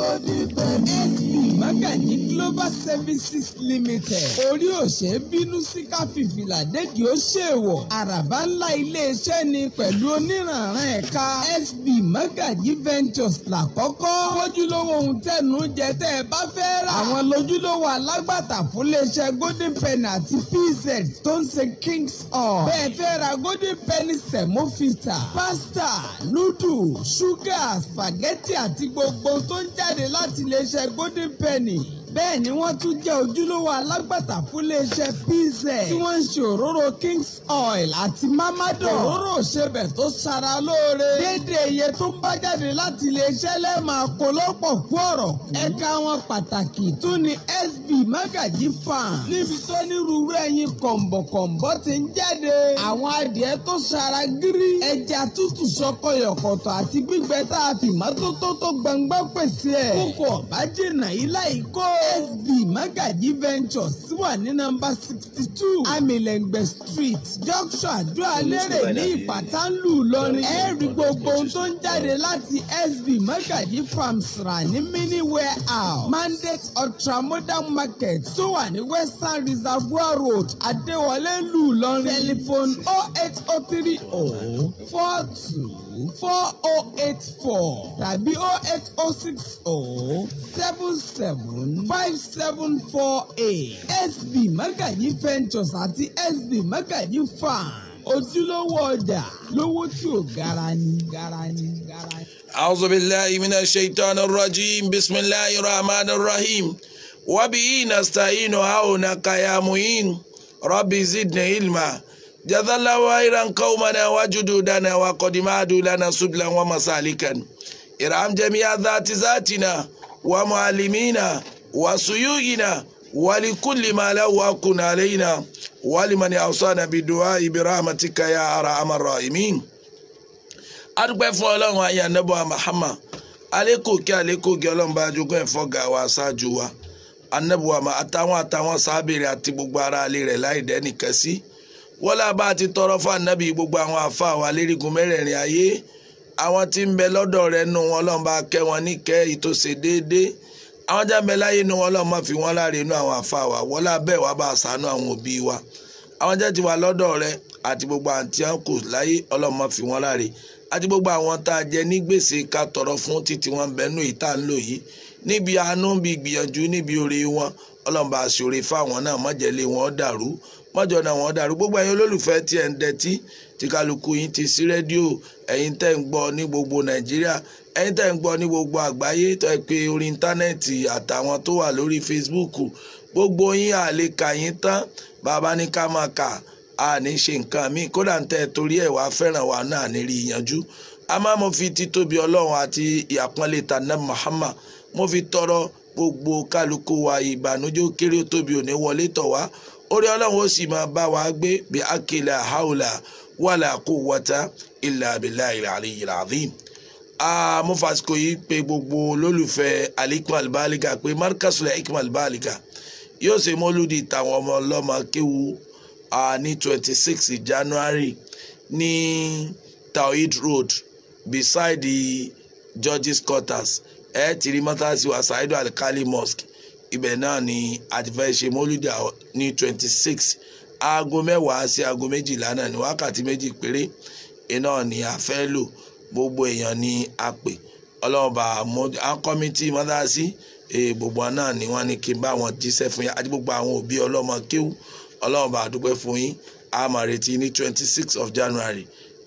Everybody Fákànní Global Services Limited orí òṣè bínú sí káfífìlà déjì ó ṣèwọ̀ àràbá ńlá iléeṣẹ́ ni pẹ̀lú oníranran ẹ̀ka SB Magaji Ventures làkọ́kọ́ lójúlówó ohun tẹ̀nu jẹ tẹ́ ẹ bá fẹ́ rà àwọn lójúlówó alágbàtà fún iléeṣẹ́ Golden Penny àti PZ tó ń ṣe Kings Hall bẹ́ẹ̀ fẹ́ ra Golden Penny Semofita, Pasta, núdù ṣúgà spaghetti àti gbogbo tó ń jáde láti iléeṣẹ́ Golden Penny bẹ́ẹ̀ ni wọ́n tún jẹ́ ojúlówó alágbàtà fún iléeṣẹ́ pz tí wọ́n ń ṣe òróró kings oil àti mamado òróró òṣèbẹ̀ tó ṣara lóore déédéé iye tó ń bá jáde láti iléeṣẹ́ lẹ́ẹ̀ma kó lọ́pọ̀ kú ọ̀rọ̀ ẹ̀ka wọn pàtàkì tún ni sb magaji farm níbi tó nírúurú ẹyin kọ̀m̀bọ̀kọ̀m̀bọ̀ ti ń jáde àwọn adìẹ tó ṣara gírí ẹja tútù ṣọ̀kọ̀yọ̀kọ̀tọ̀ àti gbígbẹ tá a fìmọ́tótó tó gbangba pèsè ẹ̀ kókò ọ̀bá jìnnà ilá ìkó. SB Magaji Ventures wà ní nọ́mbà sixty two Amilengbe Street junction Adó-Alérè ní Ìpàtánlù Ìlọrin. Ẹ rí gbogbo ohun tó ń jáde láti ASB Magaji Farms rà ní mini warehouse Mandate Ultramodern Market tó wà ní Western Reservoir Road Adéwọlé lù Ìlọrin. Tẹlifon oh eight oh four oh eight four tàbí oh eight oh six oh seven seven five seven four eight SB Magaji Ventures àti SB Magaji Farm ojúlówó ọjà lówó tí ò gara ni gara ni gara ni. أعوذ بالله من الشيطان الرجيم rajim الله الرحمن الرحيم وبه نستعين عونك يا معين رب زدنا علما jazallahu khairan qaumana wa jududana wa qadimadu lana sublan wa masalikan irham jami'a dhati zatina wa muallimina wa suyugina wa likulli ma lahu haqqun alaina wa liman awsana bidu'ai birahmatika ya arhamar rahimin adúpẹ́ fún ọlọ́run ayé anábọ́ Muhammad aleko kí aleko kí ọlọ́run bá jogún ẹ̀fọ́ ga wa ṣáájú wa anábọ́ àmà àtàwọn àtàwọn sábẹ̀rẹ̀ àti gbogbo ara alẹ́ rẹ̀ láì dẹ́nìkan sí. Si wọ́n lábá ti tọrọ fànàbí gbogbo àwọn àfa wa lérígun mẹ́rẹ̀ẹ̀rin ayé àwọn tí ń bẹ lọ́dọ̀ rẹ̀ nù wọn lọ́n bá kẹ́ wọn níkẹ́ ìtòsè déédé àwọn jábẹ́ láyé nù wọn lọ́n má fi wọ́n láre inú àwọn àfa wa wọ́n lábẹ́ wa bá ṣàánú àwọn òbí wa àwọn jẹ́ ti wà lọ́dọ̀ rẹ̀ àti gbogbo àǹtí àǹkù láyé ọlọ́n má fi wọ́n láre àti gbogbo àwọn tá a jẹ ní gbèsè ká tọrọ fún títí wọn bẹnu ìta ńlò yìí níbi àánú bí gbìyànjú níbi oore wọn ọlọ́run bá ṣòre fáwọn náà mọ̀jẹ̀lé wọn dàrú mọ́jọ náà wọ́n dàrú gbogbo ẹ̀yin olólùfẹ́ tí ẹ̀ ń dẹ́tí tí kálukú yín ti sí rédíò ẹ̀yin tẹ́ ń gbọ́ ní gbogbo nàìjíríà ẹ̀yin tẹ́ ń gbọ́ ní gbogbo àgbáyé tọ́ ẹ pé orí íńtánẹ́ẹ̀tì àtàwọn tó wà lórí facebook gbogbo yín àlekà yín tán bàbá ní ká máa kà á ní ṣe nǹkan míì kódà ń tẹ́ torí ẹ̀ wá fẹ́ràn wa náà ní rí ìyanjú a máa mo fi títóbi ọlọ́run àti ìyàpọ́nlé tànà Muhammad mo fi tọrọ gbogbo kálukú wa ìbànújẹ́ kéré ó tóbi òní wọlé tọ̀ wá orí ọlọ́run ó sì máa bá wa gbé bí akela haula wàlà quwwata illa billahi al-aliyyil azim. mo yìí pé gbogbo olólùfẹ́ al-hikmah pé markasul hikmah al yóò ṣe mọ́lúdì tàwọn ọmọ ọlọ́mọ kéwu ní twenty six january ní tawhid road beside the judges quarters ẹ ti rí mọ́tàsí wa Saidu Alkali Mosque ibẹ̀ náà ni a ti ní twenty six aago mẹ́wàá sí aago méjìlá náà ní wákàtí méjì péré iná ni a fẹ́ lò gbogbo èèyàn ni a pè ọlọ́ọ̀bà akọ́mítì mọ́tàsí gbogbo náà ni wọ́n ní kí n bá wọn jíṣẹ́ fún yín àti gbogbo àwọn òbí ọlọ́mọ kéwù ọlọ́ọ̀bà àdúpẹ́ fún yín a máa retí ní twenty six of January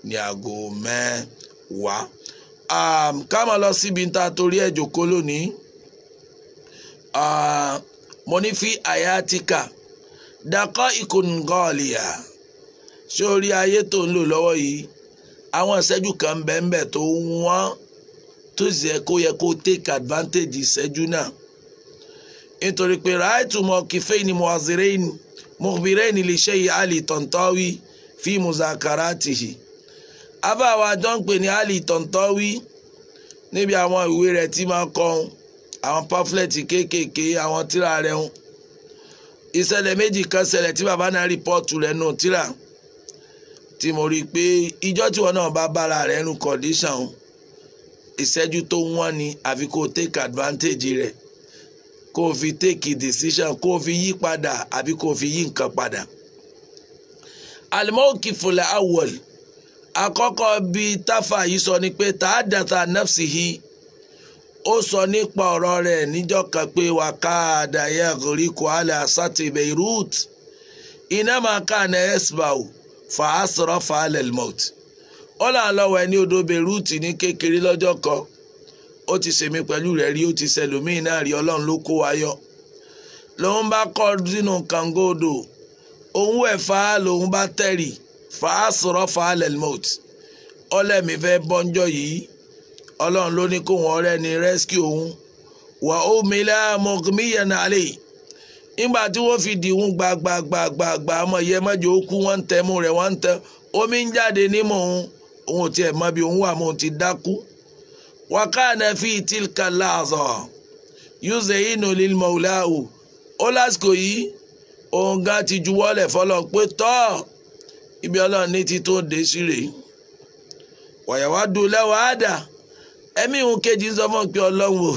ní aago mẹ́wàá. Um, ká máa lọ síbi tá a torí ẹ̀ jòkó lónìí uh, mo ní fi àyàtìkà dakọ́ ìkùngọ́ọ̀lìyà ṣé orí ayé tó ń lò lọ́wọ́ yìí àwọn ìṣẹ́jú kan bẹ́ẹ̀ tó wọ́n tó sì yẹ kó yẹ kó take advantage ìṣẹ́jú náà nítorí pé ráìtù mọ kìfẹ́ ni muhazirin muhbirin lè ṣe yìí àlì tọ̀ntọ́wì fi muzakaratihi afáwa tó ń pè ní ali tọ̀ntọ́wí níbi àwọn ìwé rẹ̀ tí máa ń kọun àwọn pamphlet kéékèèké àwọn tíra rẹ̀ ń ìṣẹ̀lẹ̀ méjì kan ṣẹlẹ̀ tí bàbá náà rìpọ́ọ̀tù rẹ̀ nù tíra tí mo rí i pé ìjọ́ tí wọn náà bá bára rẹ̀ nù condition ìṣẹ́jú tó wọ́n ni àfi kó o take advantage rẹ̀ kó o fi take decision kó o fi yí padà àbí kó o fi yí nǹkan padà. alimọ́ọ̀kì fúnlẹ̀ awọ́lì àkọ́kọ́ bí táfà yìí sọ ni pé tààdàtà nafsihi ó sọ nípa ọ̀rọ̀ rẹ̀ níjọ́ kan pé wà yẹ àgòrí kwalẹ̀ àsátì Beirut iná máa ká ní esbau fà á sọ̀rọ̀ fà á lẹ́lmọ́t ó là ń lọ́wọ́ ẹni odò Beirut ní kékeré lọ́jọ́ kan ó ti ṣèmi pẹ̀lú rẹ̀ rí ó ti ṣẹlòmíì náà rí ọlọ́run ló kó wa lòun bá kọ́ sínú kàngódò òun wẹ̀ fà á lòun bá tẹ̀rì fàásọ̀rọ̀ fàálẹ̀ mọ́t ọlẹ́mi fẹ́ bọ́njọ́ yìí ọlọ́run ló ní kó wọn ọ̀rẹ́ ni rescue òun wà ó milá mọ̀kúmíyàn àlè nígbà tí wọ́n fi dìhun gbàgbàgbàgbà ọmọ ìyẹn mọ́jọ ó kú wọ́n ń tẹ̀mú rẹ̀ wọ́n ń tẹ omi ń jáde nímọ̀ òun òun ò tiẹ̀ mọ bí òun wà mọ́ òun ti dákú wákàna fi tilka láàzọ̀ yúzẹ̀ yìí nù lil ó lásìkò yìí òun gan ti juwọ́lẹ̀ fọlọ́ pé tọ́ọ̀ ibi ọlọ́run ní ti tó ń dé sí rèé wàyàwá dùn lẹ́wọ̀ àdà ẹ̀mí ìhun kejì ń sọ fún pé ọlọ́run o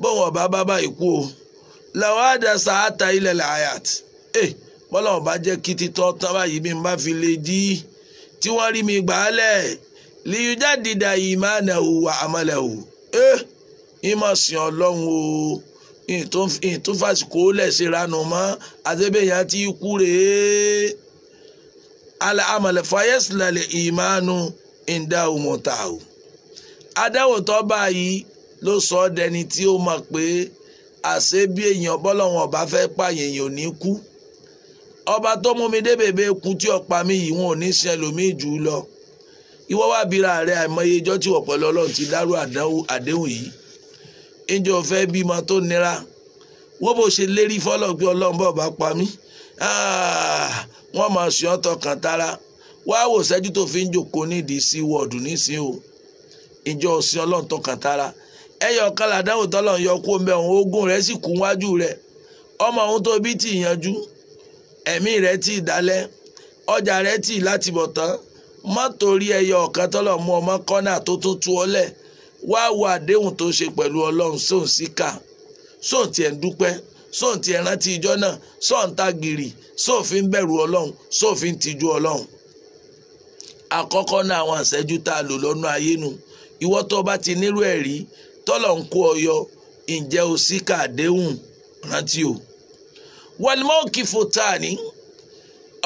bóun ọba bábà ikú o lẹ́wọ̀ àdà sàátà ilẹ̀ làyàt ẹ̀ bọ́lá ọba jẹ́ kí títọ́ tán báyìí bí n bá fi lè dí tí wọ́n rí mi gbà á lẹ̀ lìyú jáde dà yìí máa nà ó wà àmọ́lẹ̀ o ẹ̀ ìmọ̀ sìn ọlọ́run o ìtúfàsíkò lẹ̀ ṣe ranù mọ́ àtẹ́bẹ̀yà tí ikú rèé ala amalẹ fayasilale imanu indahu mọtahu adáwòtọ́ báyìí ló sọ ọ́ dẹni tí ó mọ̀ pé àṣé bí èèyàn bọ́lọ́wọ́n ọba fẹ́ pààyàn èèyàn ò ní kú ọba tó mú mi dé bèbè ku tí ọ̀pá mi yìí wọn ò ní ṣe ẹlòmíì jù ú lọ ìwọ wá bíra rẹ àìmọye ijọ́ tí wọ́n pẹ̀lú ọlọ́run ti dárú àdéhùn yìí ìjọ fẹ́ bímọ tó nira wọ́n bó ṣe lérí fọ́lọ́ pé ọlọ́run bọ̀ bá pa mí ah, wọ́n máa ṣe ọ́ tọkàn tara á wò sẹ́jú tó fi ń jòkó nídìí sí wọ́ọ̀dù nísìn o ìjọ ọlọ́run tara ẹyọ kan làdáwò tọ́lọ̀ yọ kó ogún rẹ̀ sì kú wájú rẹ̀ ọmọ òun tó bí tì ẹ̀mí rẹ̀ tì dalẹ ọjà rẹ̀ tì láti tán má torí ẹyọ kọ́nà tó sóun ti ẹran ti ìjọ náà sóun ta gìrì sófin bẹ̀rù ọlọ́run sófin tijú ọlọ́run àkọ́kọ́ náà àwọn àṣẹ́jú tá a lò lọ́nà ayé nu ìwọ tó bá ti nírú ẹ̀ rí tọ́lọ̀ ń kó ọyọ ǹjẹ́ o sì kà rántí o. wàlúmọ́ọ̀kì fòtáàní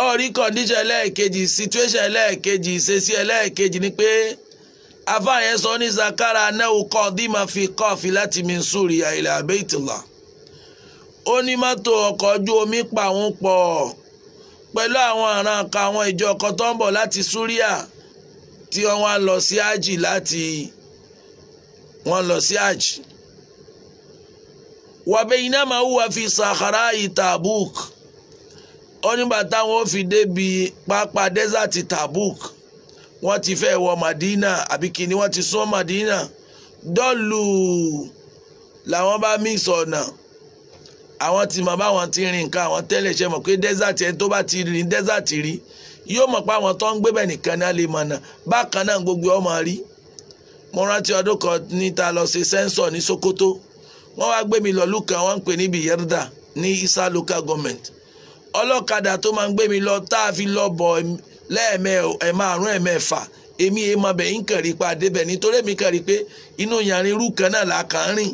ọ̀rí kọ̀ǹdíṣẹ̀ ẹlẹ́ẹ̀kejì situation ẹlẹ́ẹ̀kejì ìṣesí ẹlẹ́ẹ̀kejì ni pé afáàyẹn sọ ní zakara anáwó kọ́ ọdí fi kọ́ ọ̀fi láti mi sùúrì àìlà àbẹ́ìtìlá ó ní mọ́tò ọkọ̀ ojú omi pa òun pọ̀ pẹ̀lú àwọn àràn kan àwọn ìjọ kan tó ń bọ̀ láti súríà tí wọ́n lọ sí ájì láti wọ́n lọ sí ájì. wàbẹ̀ iná máa wúwa fi sahara itabuk ó nígbà táwọn ò fi débi pápá dẹ́sàtì tabuk wọ́n ti fẹ́ wọ madina àbí kìíní wọ́n ti sún madina dọ́ọ̀lù làwọn bá mí sọ̀nà. So àwọn ti mọ̀ báwọn ti rìn nǹkan àwọn tẹ́lẹ̀ ṣe mọ̀ pé dẹ́sàtì ẹni tó bá ti rìn dẹ́sàtì rí yóò mọ̀ pé àwọn tó ń gbé bẹ̀ nìkan náà lè mọ̀nà bákan náà gbogbo ọmọ rí mo rántí ọdún kan níta lọ ṣe sẹ́ńsọ̀ ní Sokoto wọ́n wá gbé mi lọ lùkàn wọ́n ń pè níbi Yarda ní Isa local government ọlọ́kadà tó máa ń gbé mi lọ tá a fi lọ bọ̀ lẹ́ẹ̀mẹ́ ẹ̀márùn ẹ̀mẹ́fà èmi èèmọ̀ bẹ̀ kàn rí pa débẹ̀ nítorí èmi kàn rí pé inú yàrin irú kan náà là kàn ń rìn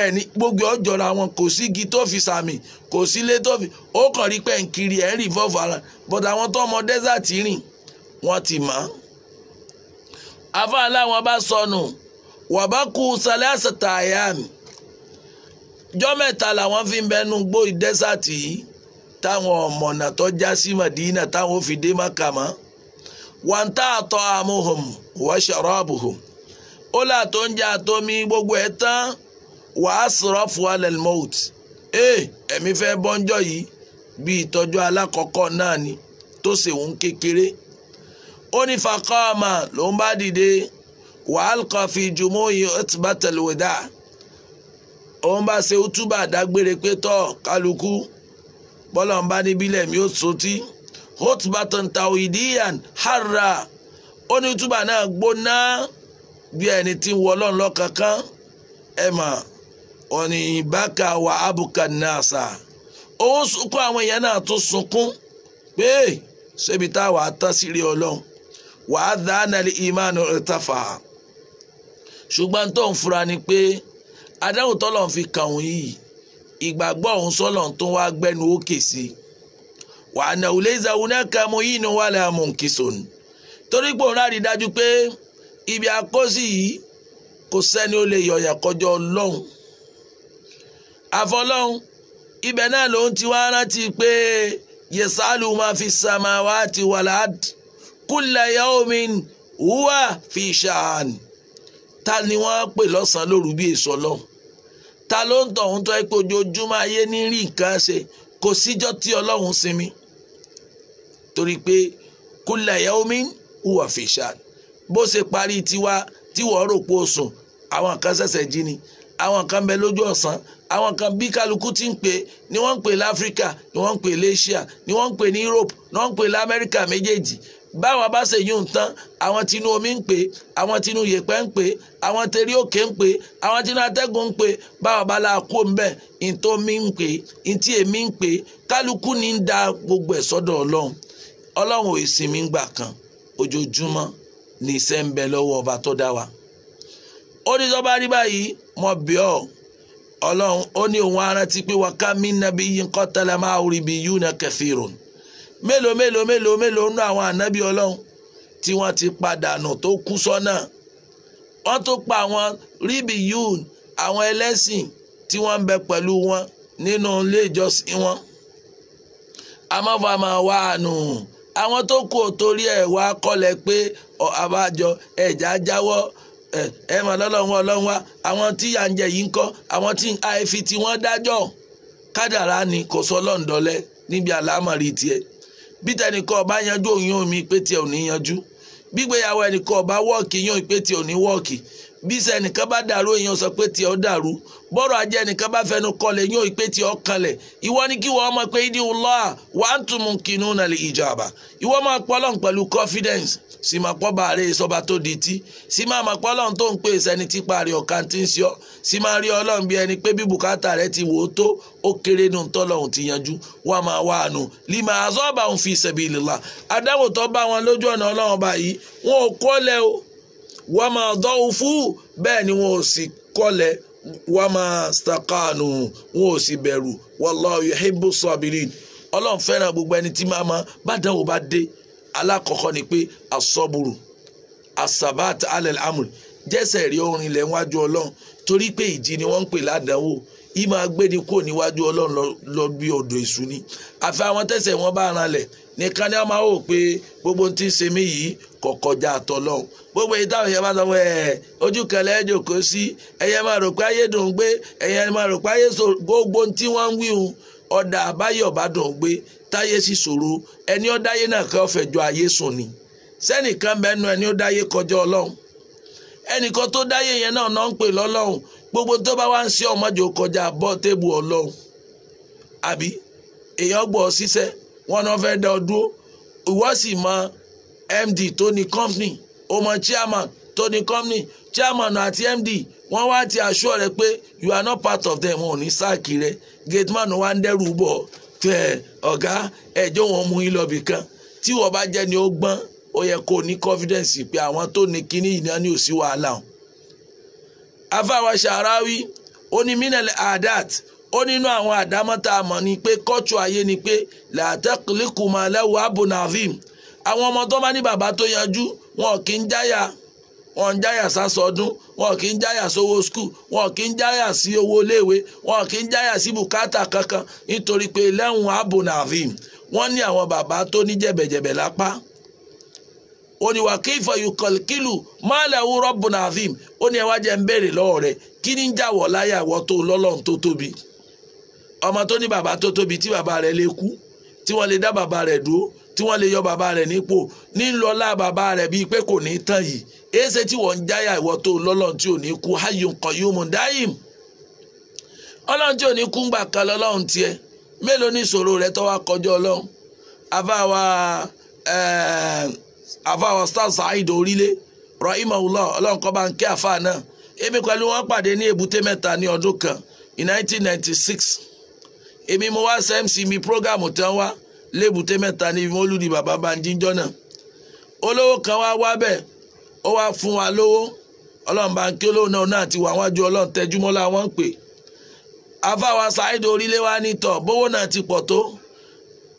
ẹni gbogbo ọjọ́ ra wọn kò sí igi tó fi sàmì kò sí ilé tó fi ó kàn rí pé nkiri ẹ̀ ara but àwọn tó ọmọ dẹ́sàtì rìn wọ́n ti mọ̀ ọ́. afáàlà wọn bá sọnù wà bá kú sálẹ́ àsàtà àyà mi jọ́ mẹ́ta làwọn fi ń bẹnu gbó dẹ́sàtì Madina táwọn fi dé mọ́ wọn tá àtọ́ àmúhùn wọ́n ó là tó ń gbogbo ẹ̀ wàá sọ̀rọ̀ fún alẹ́ mọ́ọ̀t ee eh, ẹ̀mí fẹ́ bọ́njọ́ yìí bí ìtọ́jú alákọ̀ọ́kọ́ náà ni tó ṣèwọ́n kékeré ó ní fakọ́ọ̀mà ló ń bá dìde wàhálà kan fi jùmọ̀ yìí ó ti bá tẹ̀lẹ́wẹ̀dá òun bá ṣe útúbà dágbére pé tọ́ kálukú bọ́lá ń bá níbí lẹ̀mí ó sotí hotbaton tawhidiyan hara ó ní útúbà náà gbóná bí ẹni tí ń wọ ọlọ́run lọ́kankan ẹ̀ mọ̀ wọ́n ní bákà wà ábùkà náà sà ó sunkún àwọn èèyàn náà tún sunkún pé ṣébi táwa tán sí rí ọlọ́run wàá dáná lè ìmánu ìtafà ṣùgbọ́n tó ń fura ni pé adáhùn tọ́lọ̀ ń fi kàn òun yìí ìgbàgbọ́ òun sọ́lọ̀ tó wá gbẹ́nu òkè sí i wàá nà òun léza òun náà ka mo yìí nu wà lẹ́ àmọ̀ nkìsọ̀n torí pé òun rárí dájú pé ibi àkọ́sí yìí kò sẹ́ni ó lè yọ̀yàn kọjá ọlọ́run àfọlọ́hún ibẹ̀ náà lòun ti wá rántí pé yesalu ma fi samawati walad kulla yawmin huwa fi sha'an ta ni wọ́n pè lọ́sàn-án lóru bí èso ọlọ́run ta ló ń tọ̀hún tó ẹ pé ojoojúmọ́ ayé ní rí nǹkan ṣe kò síjọ́ tí ọlọ́run sinmi torí pé kulla yawmin huwa fi sha'an bó ṣe parí tiwa tí rò pé sùn àwọn kan ṣẹ̀ṣẹ̀ jí ni àwọn kan bẹ lójú ọ̀sán àwọn kan bí kálukú ti ń pè ni wọ́n ń pè láfíríkà ni wọ́n ń pè lẹ́ṣíà ni wọ́n ń pè ní europe ni wọ́n ń pè lamẹ́ríkà méjèèjì báwọn bá ṣe yún tán àwọn tinú omi ń pè àwọn tinú yèpẹ̀ ń pè àwọn tẹ̀rí òkè ń pè àwọn tinú atẹ́gùn ń pè báwọn bá la kó ń bẹ̀ ntó mi ń pè ntí èmi ń pè kálukú ní ń da gbogbo ẹ̀ sọ́dọ̀ ọlọ́run ọlọ́run ò ìsinmi gbà kan ojoojúmọ́ ní iṣẹ́ ń bẹ lọ́wọ́ ọba tó dá wa ó ní sọ́ba rí báyìí mo bẹ̀ ọ́ ọlọ́run ó ní òun arántí pé wọ́n ká mí nàbí yín kọ́ tẹ́lẹ̀ máa rí bí yún náà kẹfì rò mélòó mélòó mélòó mélòó nú àwọn ànábì ọlọ́run tí wọ́n ti padà nù tó kú sọ́nà wọ́n tó pa àwọn ríbi yún àwọn ẹlẹ́sìn tí wọ́n ń bẹ pẹ̀lú wọn nínú ilé ìjọsìn wọn amọ́fà máa wá àánú àwọn tó kù ò torí ẹ̀ wá kọ́lẹ̀ pé àbájọ ẹ̀já jáwọ́ ẹ mọ̀ lọ́lọ́run ọlọ́run wa àwọn tí yà ń jẹ yìí ń kọ́ àwọn tí àìfi tí wọ́n dájọ́ kádàrá ni kò sọ lọ́ǹdọ́lẹ́ níbi àlámọ̀rí tiẹ̀ bí tẹnìkan ọba yanjú òun yóò mi pé tiẹ̀ ò ní yanjú gbígbéyàwó ẹnìkan ọba wọ́ọ̀kì yóò pé tiẹ̀ ò ní bísí ẹnìkan bá dàrú èèyàn sọ pé tiẹ̀ ó dàrú bọ́rọ̀ ajé ẹnìkan bá fẹnu kọlẹ̀ yóò pé tiẹ̀ ó kalẹ̀ ìwọ ni kí wọ́n mọ̀ pé ìdí Allah wa antum nà lè ijaba ìwọ máa pọ́lọ́n pẹ̀lú confidence sì máa pọ́ bàárẹ̀ sọba tó di tí sì máa máa pọ́lọ́n tó ń pè sẹ́ni tí parí ọ̀kan tí ń wọ́n máa dọ́wọ́ fún bẹ́ẹ̀ ni wọn ò sì kọ́lẹ̀ wọ́n máa stakanu wọn ò sì bẹ̀rù wallahu yuhibbu sabirin ọlọ́run fẹ́ràn gbogbo ẹni tí máa ma bá dánwò bá dé alákọ̀ọ́kọ́ ni pé asọ́bùrù asabat alẹ́ amúr jẹ́sẹ̀ rí orin ilẹ̀ wájú ọlọ́run torí pé ìjì ni wọ́n ń pè ládàáwò yìí máa gbé ní kò níwájú ọlọ́run lọ bí ọ̀dọ̀ èṣù ni àfi àwọn tẹ̀sẹ̀ wọn bá ran lẹ̀ nìkan ni wọ́n máa wò pé gbogbo ohun ń ṣe mí yìí kọkọjá tọlọ́hún gbogbo yìí táwọn bá sọ pé ojú ẹyẹ máa rò pé ayé ẹyẹ máa rò pé gbogbo tí wọ́n ń wíhun ọ̀dà àbáyọ̀ bá dùn gbé táyé sì ṣòro ẹni ó dáyé náà kẹ́ ọ̀fẹ́ ayé sùn ni sẹ́nìkan ẹni kọjá ọlọ́run ẹnìkan tó dáyé yẹn náà gbogbo tó bá wá ń ṣe ọmọdé md Tony company ó chairman Tony company chairman àti md wọ́n wá ti assure rẹ pé you are not part of them wọn ò ní sáàkì rẹ gateman wa ń dẹ́rù bọ̀ fẹ́ ọ̀gá ẹ̀jọ́ wọn mú yín lọ́bì kan tí wọ́n bá jẹ́ ni ó gbọ́n ó yẹ kó ní confidence pé àwọn tó ní kíní yìí ní òsì wàhálà o. afáwa Sha'arawi ó minel adat ó nínú àwọn àdámọ́ta àmọ́ ni pé kọ́tù ayé ni pé làtẹ́kùlìkùmọ̀ lẹ́wọ̀ abunavim àwọn ọmọ tó bá ní bàbá tó yanjú wọn kì í jáyà wọn ń jáyà sásọdún wọn kì í jáyà sówó skul wọn kì í jáyà sí owó iléèwé wọn kì í jáyà sí bùkátà kankan nítorí pé lẹ́hùn abu navim wọ́n ní àwọn bàbá tó ní jẹ̀bẹ̀jẹ̀bẹ̀ lápá ó ní wàkífọ̀ yukọ̀kílù máàlẹ̀wù rọ́bù ó ní ẹwà jẹ́ ń béèrè lọ́wọ́ rẹ̀ kí ní jàwọ̀ láyà wọ́ tó lọ́lọ́run tó tóbi ọmọ tó ní bàbá tó tóbi tí bàbá rẹ̀ lè kú tí wọ́n lè dá bàbá rẹ̀ dúró tí wọn lè yọ bàbá rẹ nípò nílọ́lá bàbá rẹ̀ bíi pé kò ní tán yìí èsè tí wọ́n ń jáyà ìwọ tó lọ́lọ́run tí ò ní kú hayyun qayyumun dáìm ọlọ́run tí ò ní kú ń gbà kan lọlọrun tiẹ mélòó ní ìṣòro rẹ̀ tó wá kọjá ọlọ́run àfàwà eh, àfàwà star saheed orílẹ̀ rahimahullah ọlọ́run kọ́ bá ń kí àfà náà èmi pẹ̀lú wọn pàdé ní èbúté mẹ́ta ní ọdún kan in 1996 èmi mo wá sẹ́mc mi prógámù tán wá lébùté mẹ́ta níbi mọ́lúdi bàbá Bánjí ńjọ́ náà olówó kan wá wá bẹ́ẹ̀ ó wá fún wa lówó ọlọ́run bá ń kí olówó náà náà ti wà wájú ọlọ́run tẹjúmọ́lá wọn ń pè afáwa ṣáìdì orílẹ̀ wa ní tọ̀ bówó náà ti pọ̀ tó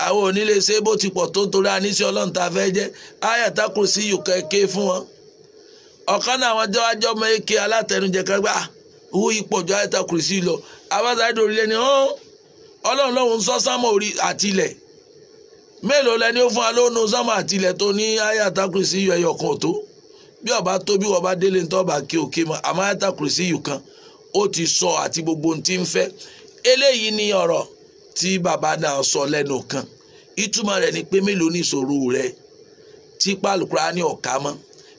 àwọn onílé ṣe bó ti pọ̀ tó torí aníṣẹ́ ọlọ́run tá a fẹ́ jẹ́ ayàtá kò sí yùkọ́ eke fún wọn ọ̀kan náà àwọn jọ ajọ́ ọmọ eke alátẹnujẹ kan gbà hu ìpọ̀jọ́ ayàtá kò sí lọ afáwa ṣáìdì orílẹ̀ ni ọlọ́run lọ́hùn sọ́sámọ́ orí àtilẹ̀ mélòó lẹni ó fún wa lónú sánmà àtìlẹ̀ tó ní ayáta kùrìsì yọ ẹyọ kan tó bí ọba tó bí ọba délé tó ọba kí òkè mọ àmọ́ ayáta kùrìsì yìí kan ó ti sọ àti gbogbo ohun tí ń fẹ́ eléyìí ni ọ̀rọ̀ tí bàbá náà sọ lẹ́nu kan ìtumọ̀ rẹ̀ ni pé mélòó ní ìṣòro rẹ tí pálukura ní ọ̀ka mọ́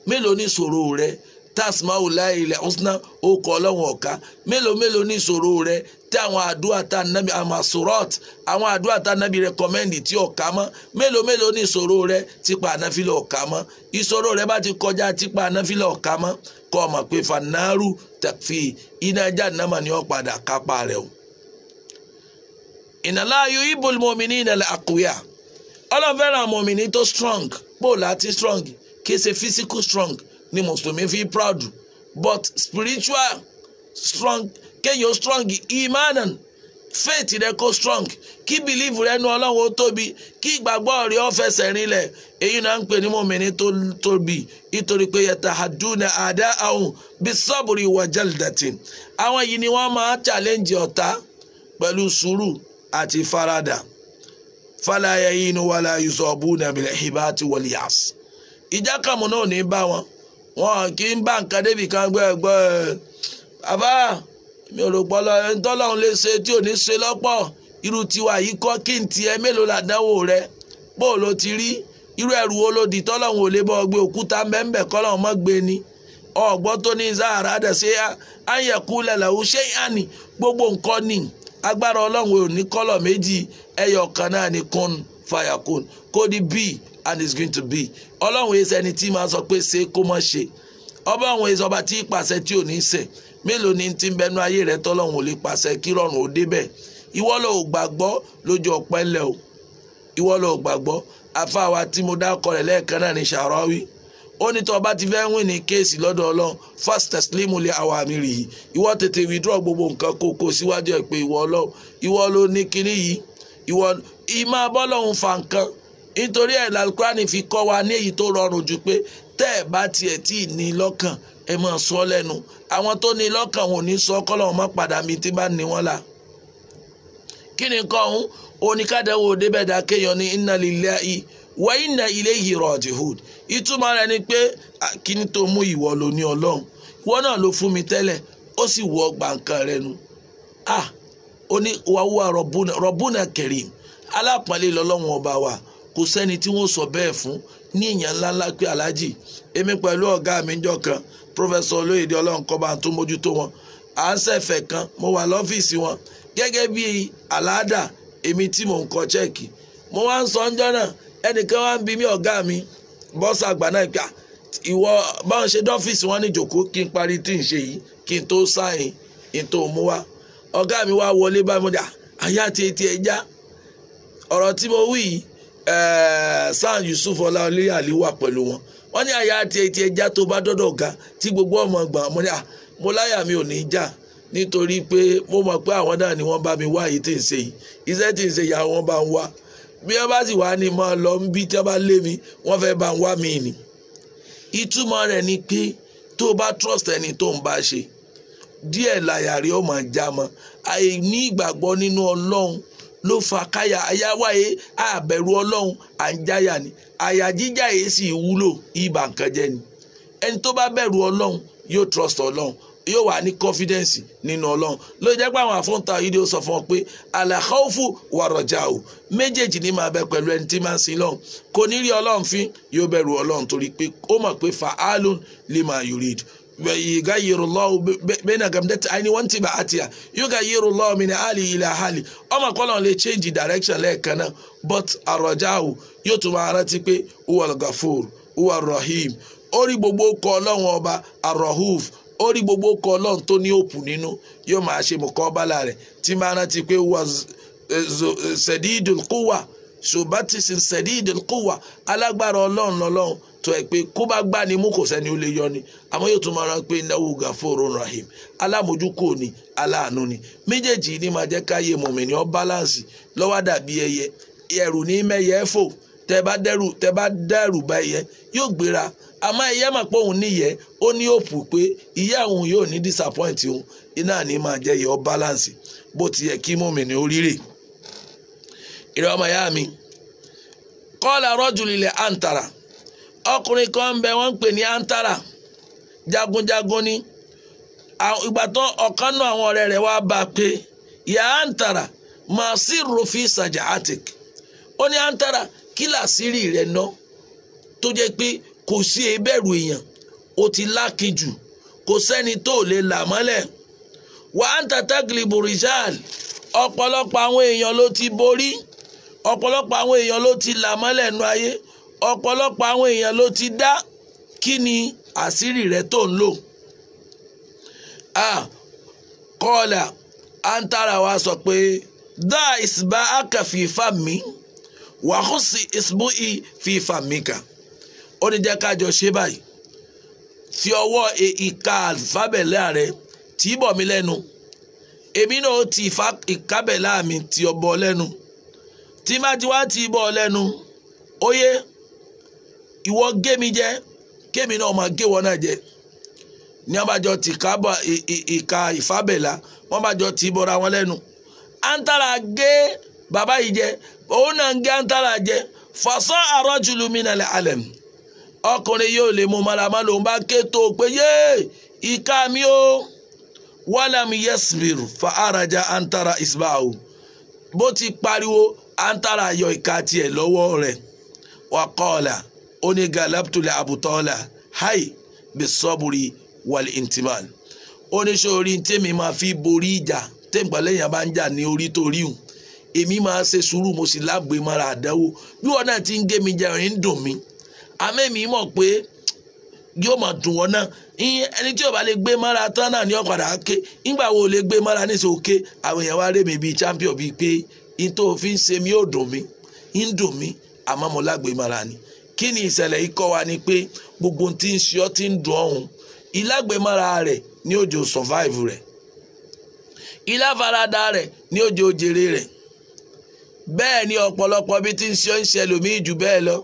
mélòó ní ìṣòro rẹ tasmau láìlẹ̀ husna ó kọ́ ọlọ́run ọ̀ka mélòó mélòó ní ìṣòro rẹ tí àwọn àdúrà tá nàbí amasorot àwọn àdúrà tá nàbí rẹkọmẹ́ndì tí ọ̀ka mọ́ mélòó mélòó ní ìṣòro rẹ tipa ànáfílẹ̀ ọ̀ka mọ́ ìṣòro rẹ bá ti kọjá tipa ànáfílẹ̀ ọ̀ka mọ́ kọ́ ọmọ pé fanaru tàfi iná jahannama ni ó padà kápá rẹ o. inna Allah yuhibbul mu'minina al-aqwiya ọlọ́fẹ́ràn mọ̀mìnì tó strong bó láti strong kì í ṣe physical strong ni mùsùlùmí fi proud but spiritual strong kéèyàn strong imanan faith rẹ kó strong kí belief rẹ nu ọlọ́run ó tóbi kí ìgbàgbọ́ rẹ ó fẹsẹ̀ rinlẹ̀ èyí náà ń pè ní mòmìnì tó tóbi nítorí pé yatahaduna àdá ahùn bí sọ́ọ̀bùrì wa jaldatin àwọn yìí ni wọ́n máa challenge ọ̀tá pẹ̀lú sùúrù àti faradà fàlàyé yìí ni wàlá yusuf abu nabil hibati wal ìjà kàmú náà ní bá wọn wọn kì í bá nǹkan débi kan gbẹ́gbẹ́ bàbá mi ò rò pọlọ ẹni tọ́lọ́run lè ṣe tí ò ní ṣe lọ́pọ̀ irú tiwa yìí kọ́ kí n tiẹ̀ mélòó làdánwò rẹ o ló ti rí irú ẹrù wo ló di ò lè bọ́ gbé òkúta mbẹ́mbẹ́ mọ́ gbé ni ọ̀gbọ́n tó ní zahara dẹ̀ ṣe àní gbogbo nǹkan ni agbára ọlọ́run ò ní kọ́lọ̀ méjì ẹyọ kan náà ni kún and it's going to be ọlọ́run èsì ẹni tí máa sọ pé ṣe kó mọ́ ṣe ọba àwọn èsì ọba tí ìpàṣẹ tí ò ní ṣe mélòó ni ti ń bẹnu ayé rẹ tọ́lọ́run ò lè pàṣẹ kí rọrùn ó débẹ̀ ìwọ ló gbàgbọ́ lójú ọ̀pẹ́ lẹ̀ o ìwọ ló gbàgbọ́ àfàwà tí mo dákọ rẹ̀ lẹ́ẹ̀kan náà ní Ṣàràwí ó ní tó ọba ti fẹ́ wìn ní kéèsì lọ́dọ̀ ọlọ́run fast teslim lé àwọn àmì rì yìí ìwọ tètè withdraw gbogbo nǹkan kó kó síwájú ẹ̀ pé ìwọ ọlọ́run ìwọ ló ní kinní yìí ìwọ ìmọ̀ abọ́lọ́run fa nǹkan nítorí ẹ̀ làlùkùránì fi kọ́ wa ní èyí tó rọrùn jù pé tẹ́ ẹ̀ bá tiẹ̀ tí ì ní lọ́kàn ẹ máa sọ lẹ́nu àwọn tó ní lọ́kàn ò ní sọ kọ́lọ́wọ́n má padà mi tí bá ní wọn la kí ni nǹkan ọ̀hún oníkádẹ́wò débẹ̀dá kéèyàn ní inna lillahi wa inna ilayhi raji'un ìtumọ̀ rẹ̀ ni pé kí ni tó mú ìwọ lò ní ọlọ́run ìwọ náà ló fún mi tẹ́lẹ̀ ó sì wọ ọgbà nǹkan rẹ nu ah ó ní wàhùwà rabbuna rabbuna karim alápọ̀nlé lọ́lọ́run ọba wa. Wa kò sẹ́ni tí wọ́n sọ bẹ́ẹ̀ fún ní èèyàn ńláńlá pé aláàjì èmi pẹ̀lú ọ̀gá mi jọ kan pọ́fẹ́sọ olóyèdè ọlọ́nkọ́ba tó mójútó wọn à ń ṣẹ̀fẹ̀ kan mo wà lọ́fíìsì wọn gẹ́gẹ́ bí àládà èmi tí mò ń kọ chẹ́ẹ̀kì mo wá ń sọ ọ́njọ́ náà ẹnìkan wá ń bi mí ọ̀gá mi bọ́sà àgbà náà pé ìwọ báwọn ṣe dọ́fíìsì wọn ní ìjókòó kí n parí tí n ṣe yìí kí n tó sáyìn n tó mú wá ọ̀gá mi wá wọlé bá mi dà àyà tiẹ̀ tiẹ̀ já ọ̀rọ̀ tí mo wí yìí san Yusuf ọláolé àlè wà pẹ̀lú wọn wọ́n ní àyà tiẹ̀ tiẹ̀ já tó bá dọ́dọ̀ ga tí gbogbo ọmọ gbà mọ́ ní à mo láyà mi ò ní í jà nítorí pé mo mọ̀ pé àwọn náà ni wọ́n bá mi wá èyí tí ń ṣe yìí iṣẹ́ tí ń ṣe yà wọ́n bá ń wá bí wọ́n bá sì wá ní mọ́ lọ ń bí tí wọ́n bá lé mi wọ́n fẹ́ bá ń wá mi nì ìtumọ̀ rẹ̀ ni pé tó o bá trust ẹni tó ń bá ṣe díẹ̀ láyà rẹ̀ ó mọ́ àìní ìgbàgbọ́ nínú Ọlọ́run ló fa káyà aya wáyé àbẹ̀rù ọlọ́run à ń jáyà ni àyà jíjà yìí sì wúlò ibà nǹkan jẹ́ ni ẹni tó bá bẹ̀rù ọlọ́run yóò trust ọlọ́run yóò wà ní confidence nínú ọlọ́run ló jẹ́ pé àwọn àfọ́ǹta yìí ló sọ fún ọ pé àlàkọ́ọ̀fù wàrọ̀jà o méjèèjì ní máa bẹ pẹ̀lú ẹni tí máa ń sin lọ́hùn kò ní rí ọlọ́run fín yóò bẹ̀rù ọlọ́run torí pé ó mọ̀ pé fa alun lè máa yugayiru llahu bena gamdati aini wanti ba atiya yugayiru llahu min hali ila hali ọmọ kọlọ lè change direction lẹ́ẹ̀kan náà but àròjáwò yóò tún máa rántí pé uwa gafur uwa rahim orí gbogbo kọ ọlọ́run ọba arahuf orí gbogbo kọ ọlọ́run tó ní òpù nínú yóò máa ṣe mùkọ́bálà rẹ̀ tí máa rántí pé uwa sẹ̀dídùl kúwà ṣùgbọ́n ti sẹ̀dídùl kúwà alágbára ọlọ́run lọ́lọ́run tó ẹ pé kó bá gbá ni mú kò sẹ́ni ó lè yọ ni àmọ́ yóò tún máa ran pé náwó gàfórun rahim alámójúkò ni aláàánú ni méjèèjì ni máa jẹ́ káyé mọ̀mìnì ọ́ báláǹsì lọ́wọ́ dàbí ẹyẹ ẹrù ní mẹ́yẹ fò tẹ bá dẹ́rù tẹ bá dẹ́rù bá ẹyẹ yóò gbéra àmọ́ ẹyẹ mà pé òun níyẹ ó ní òpù pé ìyá òun yóò ní disappoint òun iná ni máa jẹ́ yẹ ọ́ bó ti yẹ kí mọ̀mìnì ó rírè ìrẹ́ ọmọ ìyá mi kọ́ọ̀lá rọ́jùlilẹ̀ àǹtàrà ọkùnrin kan ń bẹ wọ́n ń pè ní antara jagunjagun ni ìgbà tó ọ̀kan náà àwọn ọ̀rẹ́ rẹ̀ wá bá a pé ìyá antara màá sí rufi sajahatik ó ní antara kí làásìrì rẹ̀ ná tó jẹ́ pé kò sí ebẹ̀rù èèyàn ó ti lákinjù kò sẹ́ni tó lè là mọ́lẹ̀ wà á ń tàtàgìlì àwọn èèyàn ló ti borí ọ̀pọ̀lọpọ̀ àwọn èèyàn ló ti là mọ́lẹ̀ nu ayé ọ̀pọ̀lọpọ̀ àwọn èèyàn ló ti dá kí ni àṣírí rẹ tó ń lò kọ́ọ̀là antara wa sọ pé dá ìsìnbá aka fìfà mi wàhùsì ìsìnbú i fìfà mi kà ó ní jẹ́ kájọ ṣe báyìí fi ọwọ́ e, ìka àlùfábẹ̀lẹ́ rẹ tì í bọ̀ mí lẹ́nu èmi náà ti ìkábẹ̀lá mi ti ọbọ̀ lẹ́nu tí má ti wá ti bọ̀ lẹ́nu ó yẹ. iwọ gé mi jẹ kémi náà máa gé wọn náà jẹ ní wọn bá jọ tì kábà ìka ìfábẹ̀lá wọn bá jọ tì í bọra wọn lẹ́nu antara gé bàbá yìí jẹ òun náà gé antara jẹ fasọ àrọ́jùlù mi nàlẹ́ alẹ́ ọkùnrin yóò lè mú malama lòun bá ké tó pé yéé ìka mi ó wàlámù yẹsìbìrù fa àràjà antara isbáwò bó ti pariwo antara yọ ìka lọwọ lọ́wọ́ rẹ̀ wàkọ́ọ̀là. ó ní galaptula abutola hai bisọ́bùrì wàlẹ̀ intimal ó ní sórí tèmi máa fi borí ìjà tèmi pàlẹ́yìn bá ń jà ní orí torí hùn èmi máa mo sì lágbe mara àdánwò bí wọn náà ti ń gé mi jẹun ń dùn mí amẹ́mi mọ̀ pé yóò máa dùn wọn náà tí yóò bá lè gbé mara tán náà ni ọ̀padà ké nígbà wo lè gbé mara ní sòkè àwọn èèyàn wá rè mí bíi champion bíi pé n tó fi ń ṣe mi yóò dùn mí ń dùn mí àmọ́ mo lágbe mara ni kí ni ìṣẹ̀lẹ̀ ikọ́ wa ni pé gbogbo tí ń ṣe ọ́ ti ń dùn ọ̀hún ìlágbèmára rẹ̀ ní òjò survive rẹ̀ ìláfarada rẹ̀ ní òjò jèrè rẹ̀ bẹ́ẹ̀ ni ọ̀pọ̀lọpọ̀ bí ti ń ṣe ń ṣe lòmíì jù bẹ́ẹ̀ lọ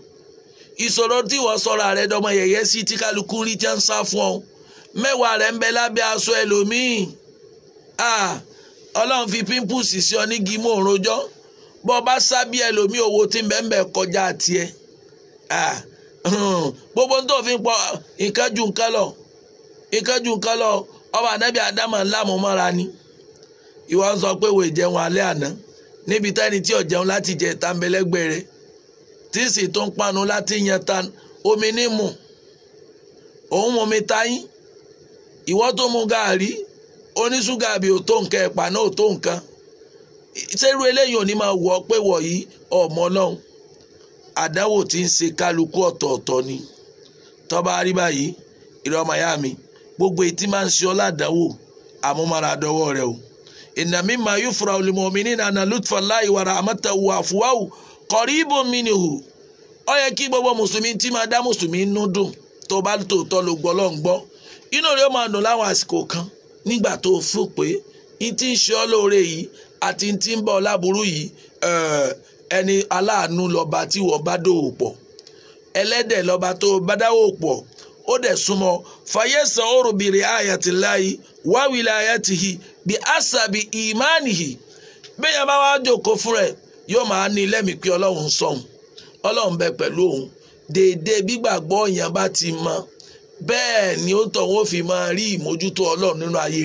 ìṣòro tí wọ́n sọ̀rọ̀ rẹ̀ dọ́mọ yẹ̀yẹ́ sí tí kálukú rí tí ń sá fún ọ mẹ́wàá rẹ̀ ń bẹ lábẹ́ aṣọ ẹlòmíì ọlọ́run fi pimples sí ọ ní gímọ̀ òròjọ́ bọ́ ọ bá sábí ẹlòmíì owó tí ń bẹ́ẹ̀ kọjá tiẹ̀ Ah, hmm. gbogbo tó fi ń pọ nǹkan ju nǹkan lọ nǹkan ju lọ ọba ànábì àdámà ńláàmú ni ìwọ ń sọ pé wò ìjẹun alẹ́ níbi tẹ́ni tí je jẹun láti jẹ tàǹbẹ̀lẹ́gbẹ̀ tí sì panu láti yan tan mu òun mú mi Iwọ ìwọ tó mu gàárì oníṣúgà bí o tó nǹkan ẹ̀pà náà nka. tó nǹkan eléyìí ò ní máa àdánwò tí ń kaluku kálukú ọ̀tọ̀ọ̀tọ̀ ni tọ́ba rí báyìí ìrọ̀ màyá mi gbogbo etí máa ń ṣe ọ́ ládàáwò rẹ o inna mimma yufrau lil mu'minina anna lutfallahi wa rahmatahu wa afwahu qaribun yẹ kí gbogbo mùsùlùmí tí máa dá mùsùlùmí nú dùn tó bá tòótọ́ ló gbọ́ lọ́n gbọ́ inú rẹ̀ máa dùn láwọn àsìkò kan nígbà tó fò pé n ti ń ọ́ ẹni aláàánú lọba tí wọ́n bá dòwò pọ̀ ẹlẹ́dẹ̀ lọba tó bá dáwò pọ̀ ó dẹ̀ súnmọ́ fàyẹ́sà ọ̀rọ̀ bìrì àyàtì láàyè wáwìlà àyàtì hì bí àṣàbí ìmáàní bá jòkó fún yóò máa ní ọlọrun ọlọ́run ń bẹ òun déédéé ti mọ ni ó fi máa rí ìmójútó nínú ayé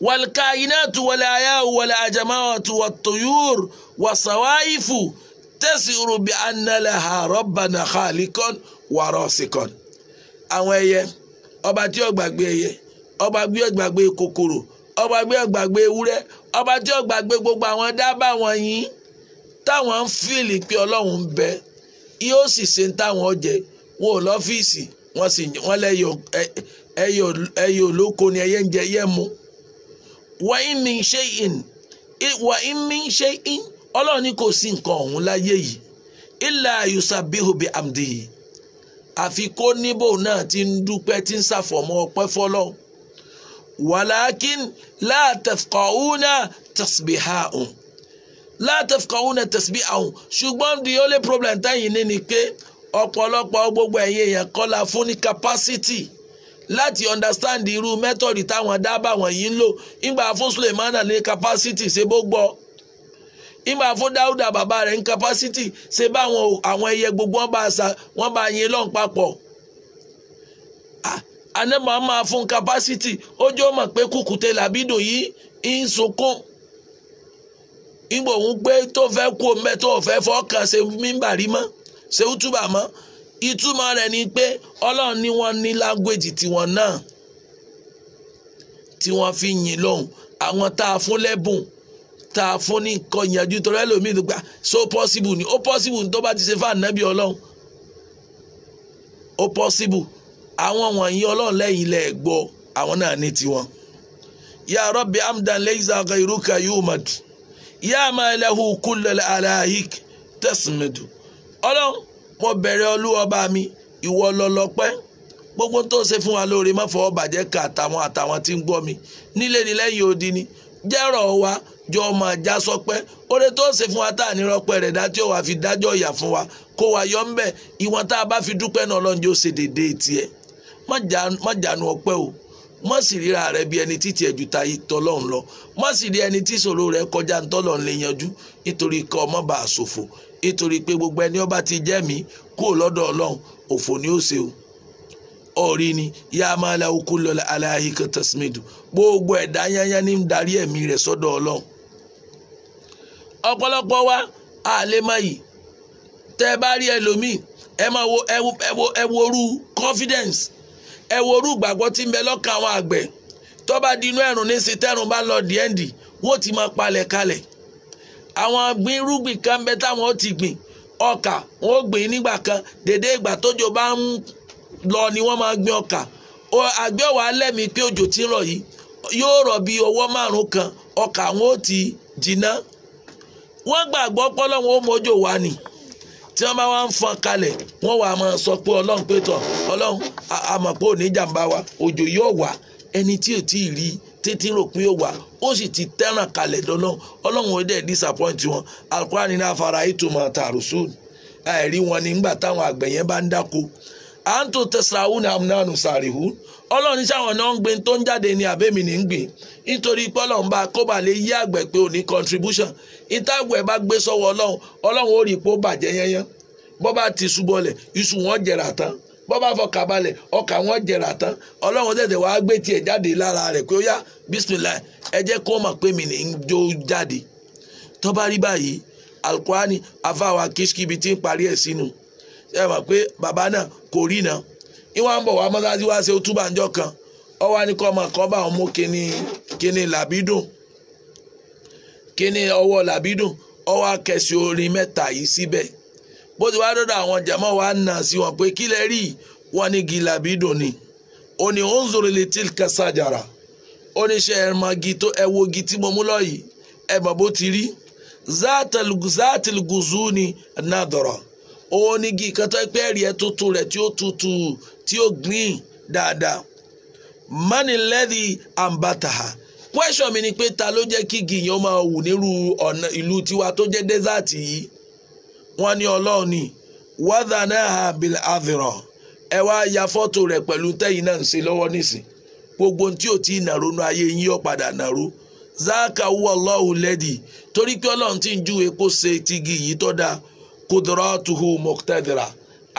والكائنات والآياء والأجماوات والطيور والصوائف تسير بأن لها ربنا خالقا وراسقا àwọn ẹyẹ ọba tí ó ẹyẹ ọba tí ó kòkòrò ọba tí ó gbàgbé ọba tí ó gbogbo àwọn dábà wọn yìí táwọn ń fìlì pé ọlọ́run ń bẹ yóò sì ṣe ń táwọn jẹ wọn ò lọ́fíìsì wọn lẹ́yọ̀ ẹyọ̀ olóko ni ẹyẹ ń jẹ ẹyẹ wà í mi ṣe in wà í mi ṣe in ọlọ́run ní kò sí nǹkan ọ̀hún láyé yìí ilà yusabihu bi amdi àfi kó níbò náà ti ń dúpẹ́ ti ń ṣàfọ̀mọ́ ọpẹ́ fọlọ́ wàlákín látẹ̀fọ̀ọ́nà tẹ̀sibíhàún látẹ̀fọ̀ọ́nà tẹ̀sibíhàún ṣùgbọ́n the only problem táyìn ní ni pé ọ̀pọ̀lọpọ̀ gbogbo ẹ̀yìn èèyàn kọ́ la fún ní capacity láti understand irú mẹ́tọ̀dì táwọn dábàá wọ̀nyí ń lò ìgbà fún Sulemana ní capacity ṣe bó gbọ́ ìgbà fún Dáúdà bàbá rẹ̀ ní capacity ṣe bá àwọn ẹyẹ gbogbo wọn bá sa wọn bá yin lọ́n papọ̀ àná màá máa fún capacity ó jẹ́ mọ̀ pé kùkùté làbídò yìí ń sunkún ìgbà òun pé tó fẹ́ kú omi tó fẹ́ fọ́ kàn ṣe mímbàrí mọ́ ṣe útúbà mọ́ ìtumọ̀ rẹ̀ ni pé ọlọ́run ni wọ́n ní lágbèjì tiwọn náà tí wọ́n fi yìn lóhùn àwọn tá a fún lẹ́bùn tá a fún ní nǹkan ìyànjú torí ẹlòmíì ló gbà so possible ni ó possible tó bá ti ṣe fáànù nábì ọlọ́run ó possible àwọn wọ̀nyí ọlọ́run lẹ́yìn ilẹ̀ gbọ́ àwọn náà ní tiwọn. ya rabbi amdan laysa ghayruka yumad ya ma lahu kullal alahik tasmadu ọlọ́run mo bẹ̀rẹ̀ olúwọba mi ìwọ lọlọpẹ́ gbogbo tó ṣe fún wa lóore má fọwọ́ bàjẹ́ ká àtàwọn àtàwọn tí ń gbọ́ mi nílé ni lẹ́yìn odi ni jẹ́rọ̀ wa jọ ọmọ ajá sọpẹ́ oore tó ṣe fún wa tá à ní rọpẹ́ rẹ̀ dá tí ó wà fi dájọ́ ìyà fún wa kó wa yọ ńbẹ̀ ìwọ̀n tá a bá fi dúpẹ́ náà lọ́njẹ ó ṣe dédé tiẹ̀ má jánu ọpẹ́ o má sì ríra rẹ bí ẹni títí ẹ̀jú ta tọlọ́run lọ má sì rí ẹni tí ìṣòro rẹ kọjá ntọ́lọ́run lè yanjú nítorí kọ́ ọmọ bá a ṣòfò itori pé gbogbo ẹni ọba ti jẹ́ mi kúrò lọ́dọ̀ ọlọ́run òfò ni ó ṣe o ọ̀rí ni yá máa la okú lọ́la aláhìkẹ́ gbogbo ẹ̀dá yányá ní ń darí ẹ̀mí rẹ̀ sọ́dọ̀ ọlọ́run ọ̀pọ̀lọpọ̀ wa àlemayi tẹ́ ẹ bá rí ẹlòmíì ẹ máa wo ti confidence ẹ wo tí ń àwọn gbin gbìnrúgbìn kan bẹ táwọn ó ti gbìn ọkà wọn ó gbìn nígbà kan dédé ìgbà tójò bá ń lọ ni wọ́n máa gbin ọkà àgbẹ̀ wà á lẹ́mìí pé òjò ti ń rọ̀ yìí yóò rọ̀ bí ọwọ́ márùn kan ọkà wọn ó ti jìnnà wọ́n gbàgbọ́ pé Ọlọ́run ó mójò wá ni tí wọ́n bá wá ń fọn kalẹ̀ wọ́n wà á máa sọ pé Ọlọ́run pé tọ̀ Ọlọ́run àmọ̀ pé òní jàǹbá wa òjò yóò wà ẹni tí ò tí rí i títí rò pé ó wà ó sì ti tẹ́ràn kalẹ̀ dọ́nà ọlọ́run ó dẹ̀ disappoint wọn alukóhánì náà fara ìtumọ̀ tàrùsù àìrí wọn nígbà táwọn àgbẹ̀ yẹn bá ń dáko à ń tó tẹsán àwọn amúnánu sàrìhù ọlọ́run sáwọn náà ń gbin tó ń jáde ní abẹ́mi ní ń gbìn nítorí pé ọlọ́run bá kó bà lè yí àgbẹ̀ pé ò ní contribution ìtàgbẹ̀ bá gbé sọ́wọ́ ọlọ́run ọlọ́run ó rí i pé ó bàjẹ́ yẹnyẹn bọ́ bá ti ṣubọlẹ̀ iṣu wọn jẹ̀rà tán bọ́ bá fọkà ọkà wọn jẹrà tán ọlọ́run tètè wàá gbé tiẹ̀ jáde lára rẹ̀ pé yá bisimilayi ẹ jẹ́ kó mọ̀ pé mi ní jáde rí báyìí afáwa ti ń parí ẹ̀ sínú ẹ mọ̀ pé bàbá náà kò rí náà ìwà ń bọ̀ wá mọ́sáàsì kan ọwọ́ ni kọ́ kọ́ bá kíni kíni ọwọ́ ọwọ́ bó ti wá dọ́dọ̀ àwọn jàmọ́ wa nà sí wọn pé kílẹ̀ rí wọn ní gílábì dùn ni ó ní ó ń zòrò lè tí ká sàjàrà ó ní ṣe ẹ̀rọ magi tó ẹ wo igi tí mo mú lọ yìí ẹ mọ̀ bó ti rí zaatilguzu ni nadọ̀rọ̀ òun ní igi kan tó pẹ́ rí ẹ tuntun rẹ̀ tí ó tutù tí ó green dáadáa mánilẹ́dì àǹbàtàhà question mi ni pé ta ló jẹ́ kí igi yẹn ó máa wù nírú ìlú tiwa tó jẹ́ dẹ́sàtì yìí wọ́n ní ọlọ́run ni wàdànáhà bil adìrọ̀ ẹ wá ya fọ́tò rẹ pẹ̀lú tẹ́yìn náà ń ṣe lọ́wọ́ nísìn gbogbo tí ò tí ì nàró nu ayé yín yóò padà nàró záàkà wú ọlọ́run lẹ́dì torí pé ọlọ́run ti ń ju epo ṣe tigi yìí tó dáa kudurọ́ tuhu mọ̀tẹ́dìrà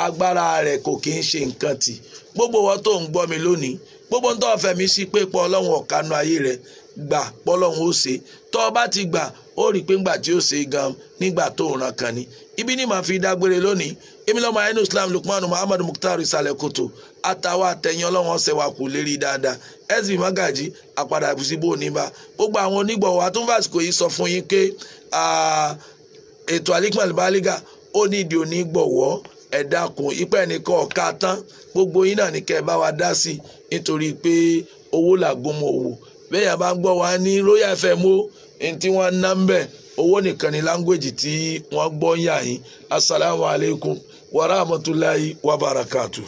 agbára rẹ̀ kò kí ń ṣe nǹkan tì gbogbo wọn tó ń gbọ́ mi lónìí gbogbo ń tọ́ ọ̀fẹ́ mi sí pé pọ́ ọlọ́run ọ̀kanu ayé rẹ̀ gbà pọ́ ọlọ́run ó ṣe tọ́ ọ bá ti gbà ó rí i pé ńgbà tí ó ṣe gan nígbà tó ràn kàn ni ibi ní màá fi dágbére lónìí èmi lọ́mọ ayélu islam lukman muhammadu mukhtar isalẹ̀ kòtò àtàwọn àtẹ̀yìn ọlọ́wọ́n ṣẹ̀wá kù lérí dáadáa sb magaji àpàdà àbùsíbò oníbà gbogbo àwọn onígbọ̀wọ́ àtúnfàsíkò yìí sọ fún yín pé ètò alikmal baliga ó ní ìdí onígbọ̀wọ́ ẹ dákun ipẹ́ nìkan ọ̀ka tán gbogbo yín náà ní kẹ́ ẹ bá wa dá sí nítorí pé owó làgùn òwò bẹ́ẹ̀ yà bá ń gbọ́ ní royal fm o ní tí wọ́n ná ń bẹ̀ owó nìkan ni láńgbèjì tí wọ́n gbọ́ yà yín asalaamualeykum wa rahmatulahi wa barakatu.